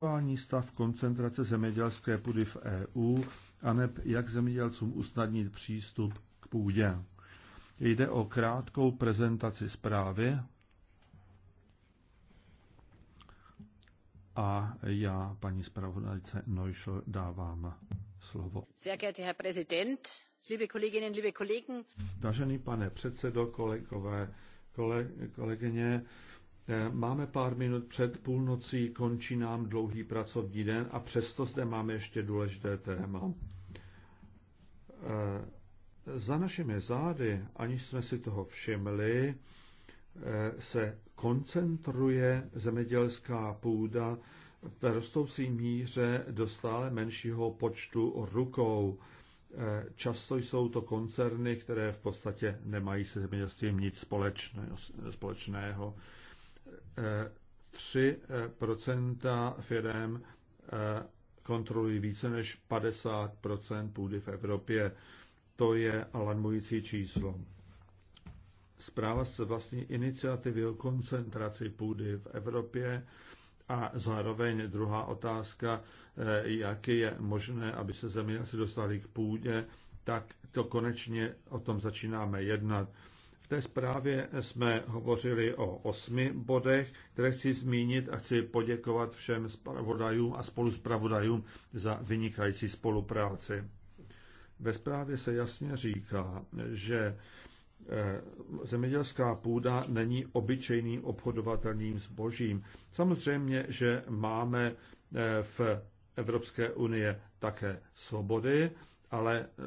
aktuální stav koncentrace zemědělské půdy v EU, a neb jak zemědělcům usnadnit přístup k půdě. Jde o krátkou prezentaci zprávy a já paní zpravodajce Neuschel dávám slovo. Vážený pane předsedo, kolegové, kole, kolegyně, Eh, máme pár minut před půlnocí, končí nám dlouhý pracovní den a přesto zde máme ještě důležité téma. Eh, za našimi zády, aniž jsme si toho všimli, eh, se koncentruje zemědělská půda v rostoucí míře do stále menšího počtu rukou. Často jsou to koncerny, které v podstatě nemají se zemědělstvím nic společného. 3 eh, firm eh, kontrolují více než 50 půdy v Evropě. To je alarmující číslo. Zpráva se vlastní iniciativy o koncentraci půdy v Evropě a zároveň druhá otázka, eh, jak je možné, aby se zemědělci dostali k půdě, tak to konečně o tom začínáme jednat té zprávě jsme hovořili o osmi bodech, které chci zmínit a chci poděkovat všem zpravodajům a spoluzpravodajům za vynikající spolupráci. Ve zprávě se jasně říká, že eh, zemědělská půda není obyčejným obchodovatelným zbožím. Samozřejmě, že máme eh, v Evropské unie také svobody, ale eh,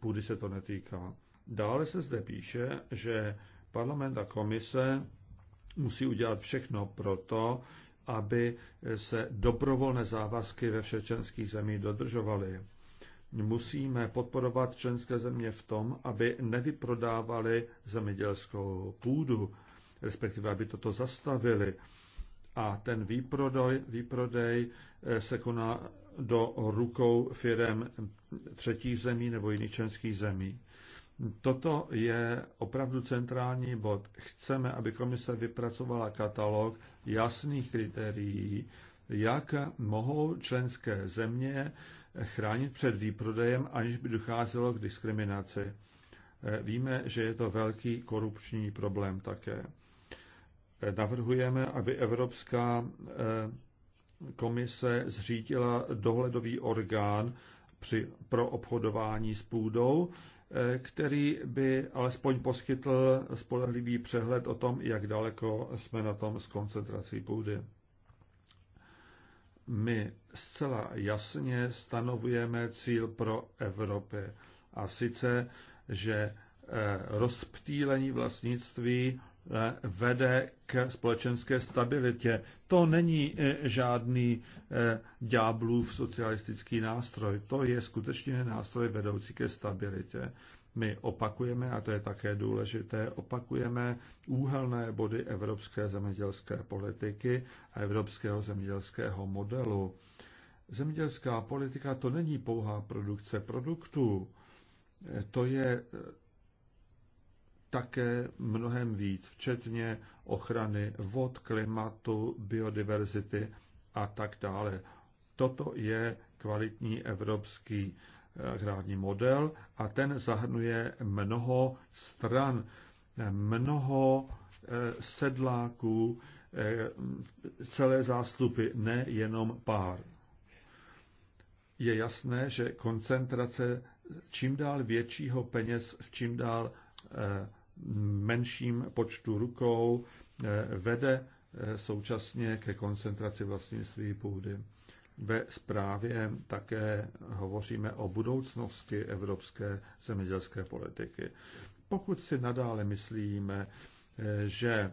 půdy se to netýká. Dále se zde píše, že parlament a komise musí udělat všechno pro to, aby se dobrovolné závazky ve všech členských zemích dodržovaly. Musíme podporovat členské země v tom, aby nevyprodávali zemědělskou půdu, respektive aby toto zastavili. A ten výprodej, výprodej eh, se koná do rukou firem třetích zemí nebo jiných členských zemí. Toto je opravdu centrální bod. Chceme, aby komise vypracovala katalog jasných kritérií, jak mohou členské země chránit před výprodejem, aniž by docházelo k diskriminaci. Víme, že je to velký korupční problém také. Navrhujeme, aby Evropská eh, komise zřídila dohledový orgán při, pro obchodování s půdou, který by alespoň poskytl spolehlivý přehled o tom, jak daleko jsme na tom s koncentrací půdy. My zcela jasně stanovujeme cíl pro Evropy a sice, že eh, rozptýlení vlastnictví Eh, vede k společenské stabilitě. To není eh, žádný eh, ďáblův socialistický nástroj. To je skutečně nástroj vedoucí ke stabilitě. My opakujeme, a to je také důležité, opakujeme úhelné body evropské zemědělské politiky a evropského zemědělského modelu. Zemědělská politika to není pouhá produkce produktů, to je také mnohem víc, včetně ochrany vod, klimatu, biodiverzity a tak dále. Toto je kvalitní evropský hrádní eh, model a ten zahrnuje mnoho stran, mnoho eh, sedláků, eh, celé zástupy, ne jenom pár. Je jasné, že koncentrace čím dál většího peněz v čím dál menším počtu rukou eh, vede eh, současně ke koncentraci vlastnictví půdy. Ve zprávě také hovoříme o budoucnosti evropské zemědělské politiky. Pokud si nadále myslíme, eh, že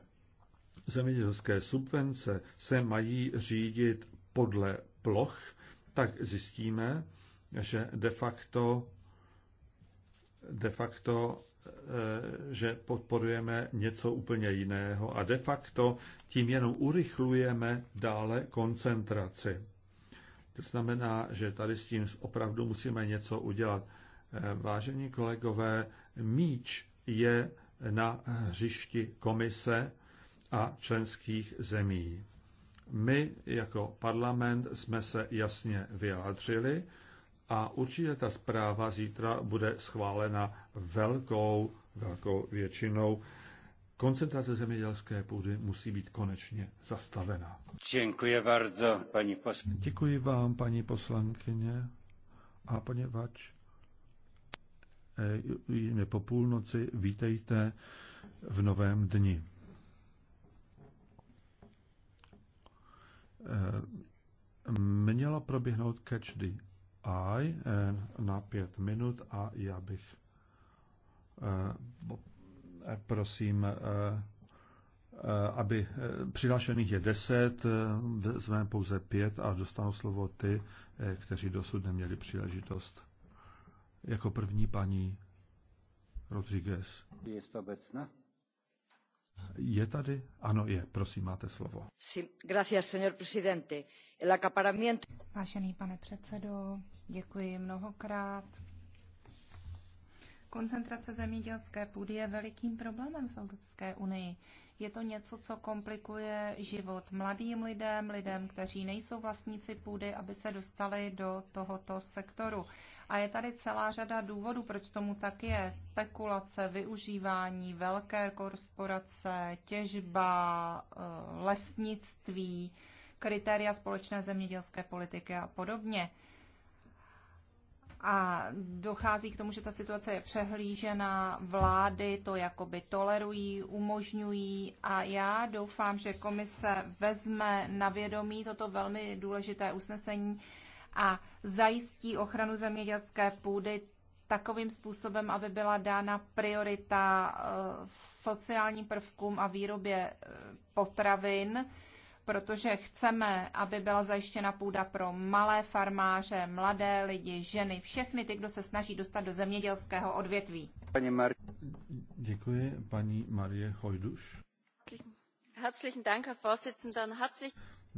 zemědělské subvence se mají řídit podle ploch, tak zjistíme, že de facto, de facto Eh, že podporujeme něco úplně jiného a de facto tím jenom urychlujeme dále koncentraci. To znamená, že tady s tím opravdu musíme něco udělat. Eh, vážení kolegové, míč je na hřišti komise a členských zemí. My jako parlament jsme se jasně vyjádřili, a určitě ta zpráva zítra bude schválena velkou, velkou většinou. Koncentrace zemědělské půdy musí být konečně zastavena. Děkuji bardzo, paní poslankyně. Děkuji vám, paní poslankyně. A poněvadž eh, je po půlnoci, vítejte v novém dni. Eh, Měla proběhnout catch the Aj eh, na pět minut a já bych eh, eh, prosím, aby přihlášených je deset, vezmeme pouze pět a dostanu slovo ty, kteří dosud neměli příležitost. Jako první paní Rodriguez. Je to obecná? Je tady? Ano, je. Prosím, máte slovo. Sí, gracias, señor presidente. El acaparamiento... Vážený pane předsedo, Děkuji mnohokrát. Koncentrace zemědělské půdy je velikým problémem v Evropské unii. Je to něco, co komplikuje život mladým lidem, lidem, kteří nejsou vlastníci půdy, aby se dostali do tohoto sektoru. A je tady celá řada důvodů, proč tomu tak je. Spekulace, využívání, velké korporace, těžba, eh, lesnictví, kritéria společné zemědělské politiky a podobně a dochází k tomu, že ta situace je přehlížena, vlády to jakoby tolerují, umožňují a já doufám, že komise vezme na vědomí toto velmi důležité usnesení a zajistí ochranu zemědělské půdy takovým způsobem, aby byla dána priorita eh, sociálním prvkům a výrobě eh, potravin, protože chceme, aby byla zajištěna půda pro malé farmáře, mladé lidi, ženy, všechny ty, kdo se snaží dostat do zemědělského odvětví. Paní Mar- Děkuji, paní Marie Hojduš.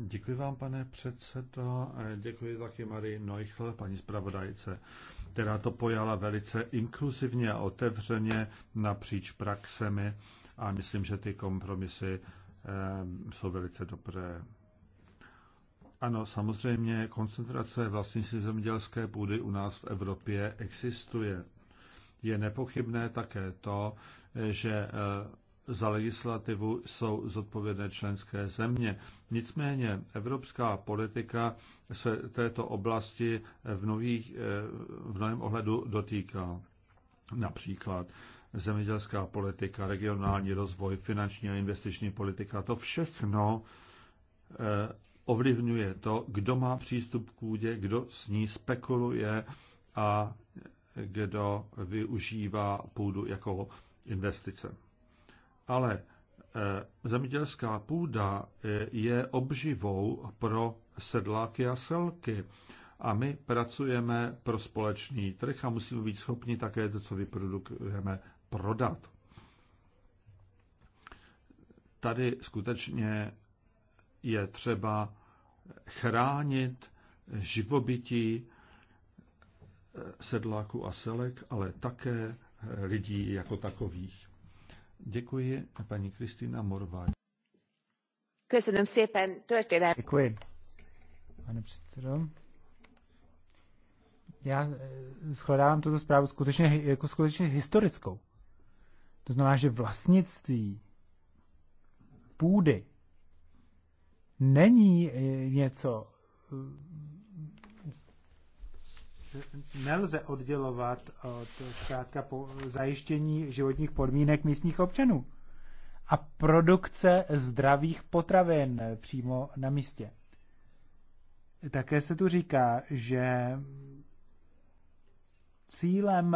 Děkuji vám, pane předsedo. Děkuji taky Marii Neuchl, paní zpravodajce, která to pojala velice inkluzivně a otevřeně napříč praxemi a myslím, že ty kompromisy Ehm, jsou velice dobré. Ano, samozřejmě koncentrace vlastnictví zemědělské půdy u nás v Evropě existuje. Je nepochybné také to, že eh, za legislativu jsou zodpovědné členské země. Nicméně evropská politika se této oblasti eh, v, nových, eh, v novém ohledu dotýká. Například zemědělská politika, regionální rozvoj, finanční a investiční politika, to všechno eh, ovlivňuje to, kdo má přístup k půdě, kdo s ní spekuluje a kdo využívá půdu jako investice. Ale eh, zemědělská půda eh, je obživou pro sedláky a selky a my pracujeme pro společný trh a musíme být schopni také to, co vyprodukujeme, prodat. Tady skutečně je třeba chránit živobytí eh, sedláků a selek, ale také eh, lidí jako takových. Děkuji, paní Kristýna Morvá. Děkuji, pane předsedo. Já eh, shledávám tuto zprávu skutečně, jako skutečně historickou. To znamená, že vlastnictví půdy není eh, něco, eh, nelze oddělovat od zkrátka po zajištění životních podmínek místních občanů a produkce zdravých potravin eh, přímo na místě. Také se tu říká, že cílem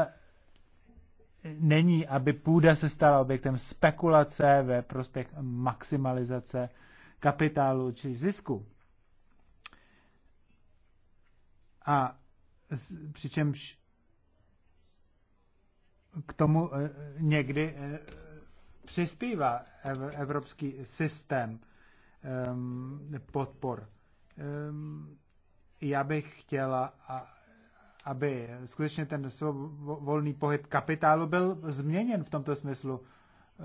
není, aby půda se stala objektem spekulace ve prospěch maximalizace kapitálu či zisku. A přičemž k tomu eh, někdy eh, přispívá evropský systém ehm, podpor. Ehm, já bych chtěla, aby skutečně ten volný pohyb kapitálu byl změněn v tomto smyslu,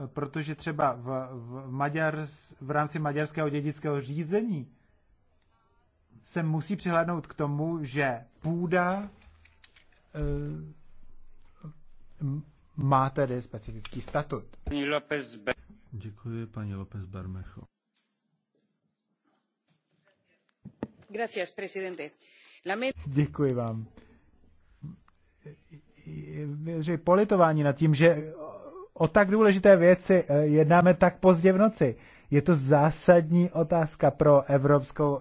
protože třeba v, v, Maďar, v rámci maďarského dědického řízení se musí přihlédnout k tomu, že půda eh, má tedy specifický statut. Děkuji, paní López Barmecho. Děkuji vám že politování nad tím, že o tak důležité věci eh, jednáme tak pozdě v noci. Je to zásadní otázka pro evropskou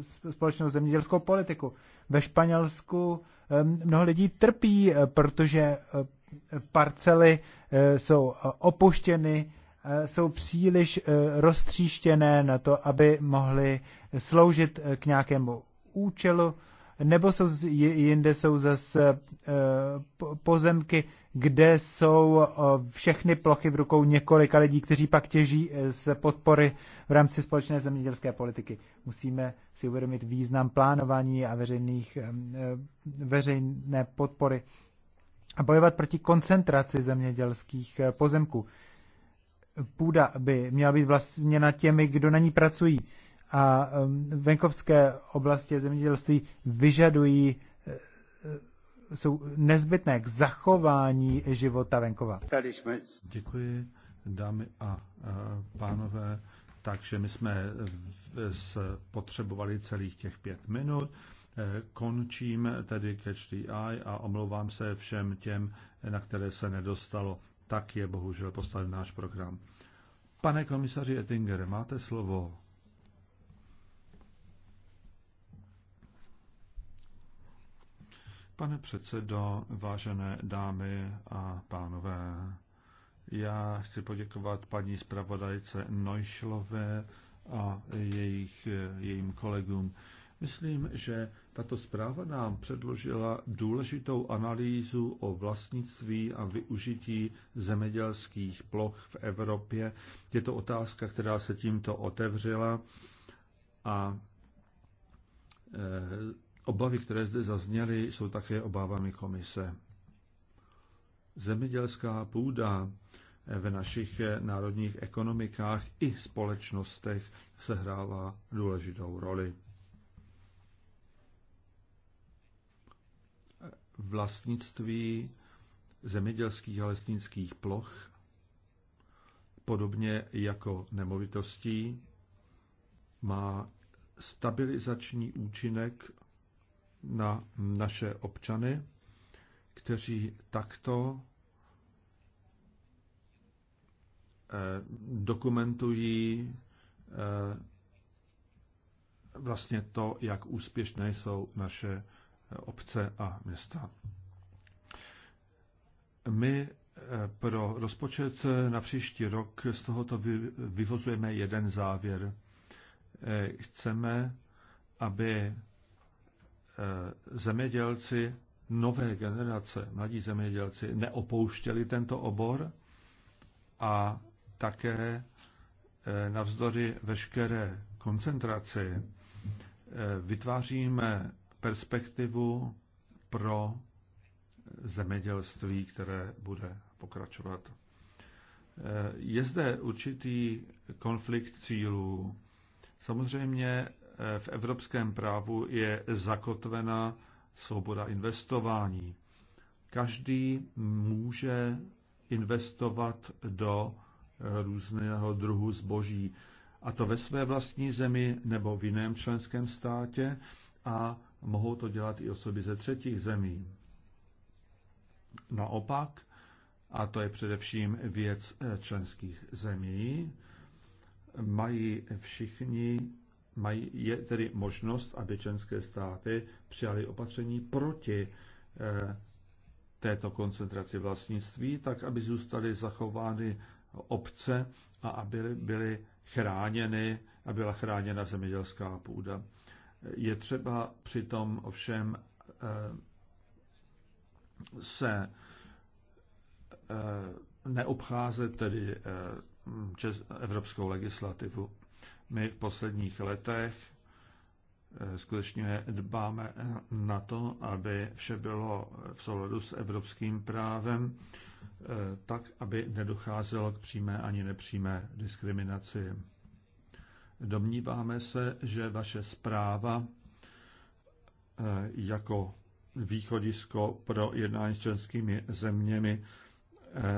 eh, společnou zemědělskou politiku. Ve Španělsku eh, mnoho lidí trpí, protože parcely jsou opuštěny, jsou příliš roztříštěné na to, aby mohly sloužit k nějakému účelu nebo jsou jinde jsou zase eh, pozemky, kde jsou eh, všechny plochy v rukou několika lidí, kteří pak těží z eh, podpory v rámci společné zemědělské politiky. Musíme si uvědomit význam plánování a veřejných, veřejné podpory a bojovat proti koncentraci zemědělských pozemků. Půda by měla být vlastně na těmi, kdo na ní pracují a um, venkovské oblasti zemědělství vyžadují e, e, jsou nezbytné k zachování života venkova. Děkuji, dámy a e, pánové. Takže my jsme potřebovali celých těch pět minut. Končím tedy Catch the Eye a omlouvám se všem těm, na které se nedostalo. Tak je bohužel postaven náš program. Pane komisaři Ettinger, máte slovo. Pane předsedo, vážené dámy a pánové, já chci poděkovat paní zpravodajce Nojšlové a jejich, jejím kolegům. Myslím, že tato zpráva nám předložila důležitou analýzu o vlastnictví a využití zemědělských ploch v Evropě. Je to otázka, která se tímto otevřela a eh, Obavy, které zde zazněly, jsou také obávami komise. Zemědělská půda v našich národních ekonomikách i společnostech sehrává důležitou roli. Vlastnictví zemědělských a lesnických ploch, podobně jako nemovitostí, má stabilizační účinek na naše občany, kteří takto eh, dokumentují eh, vlastně to, jak úspěšné jsou naše eh, obce a města. My pro rozpočet na příští rok z tohoto vyvozujeme jeden závěr. Chceme, aby Eh, zemědělci nové generace, mladí zemědělci, neopouštěli tento obor a také eh, navzdory veškeré koncentraci eh, vytváříme perspektivu pro zemědělství, které bude pokračovat. Je zde určitý konflikt cílů. Samozřejmě v evropském právu je zakotvena svoboda investování. Každý může investovat do eh, různého druhu zboží, a to ve své vlastní zemi nebo v jiném členském státě a mohou to dělat i osoby ze třetích zemí. Naopak, a to je především věc eh, členských zemí, mají všichni mají, je tedy možnost, aby členské státy přijaly opatření proti eh, této koncentraci vlastnictví, tak aby zůstaly zachovány obce a aby byly chráněny a byla chráněna zemědělská půda. Je třeba přitom ovšem eh, se eh, neobcházet tedy evropskou legislativu. My v posledních letech eh, skutečně dbáme na to, aby vše bylo v souladu s evropským právem, eh, tak, aby nedocházelo k přímé ani nepřímé diskriminaci. Domníváme se, že vaše zpráva eh, jako východisko pro jednání s členskými zeměmi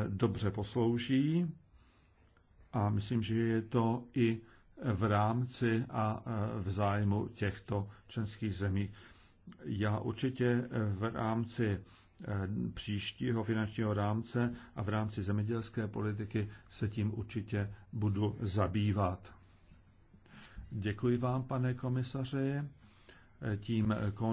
dobře poslouží a myslím, že je to i v rámci a e, v zájmu těchto členských zemí. Já určitě e, v rámci e, příštího finančního rámce a v rámci zemědělské politiky se tím určitě budu zabývat. Děkuji vám, pane komisaři. Tím kon...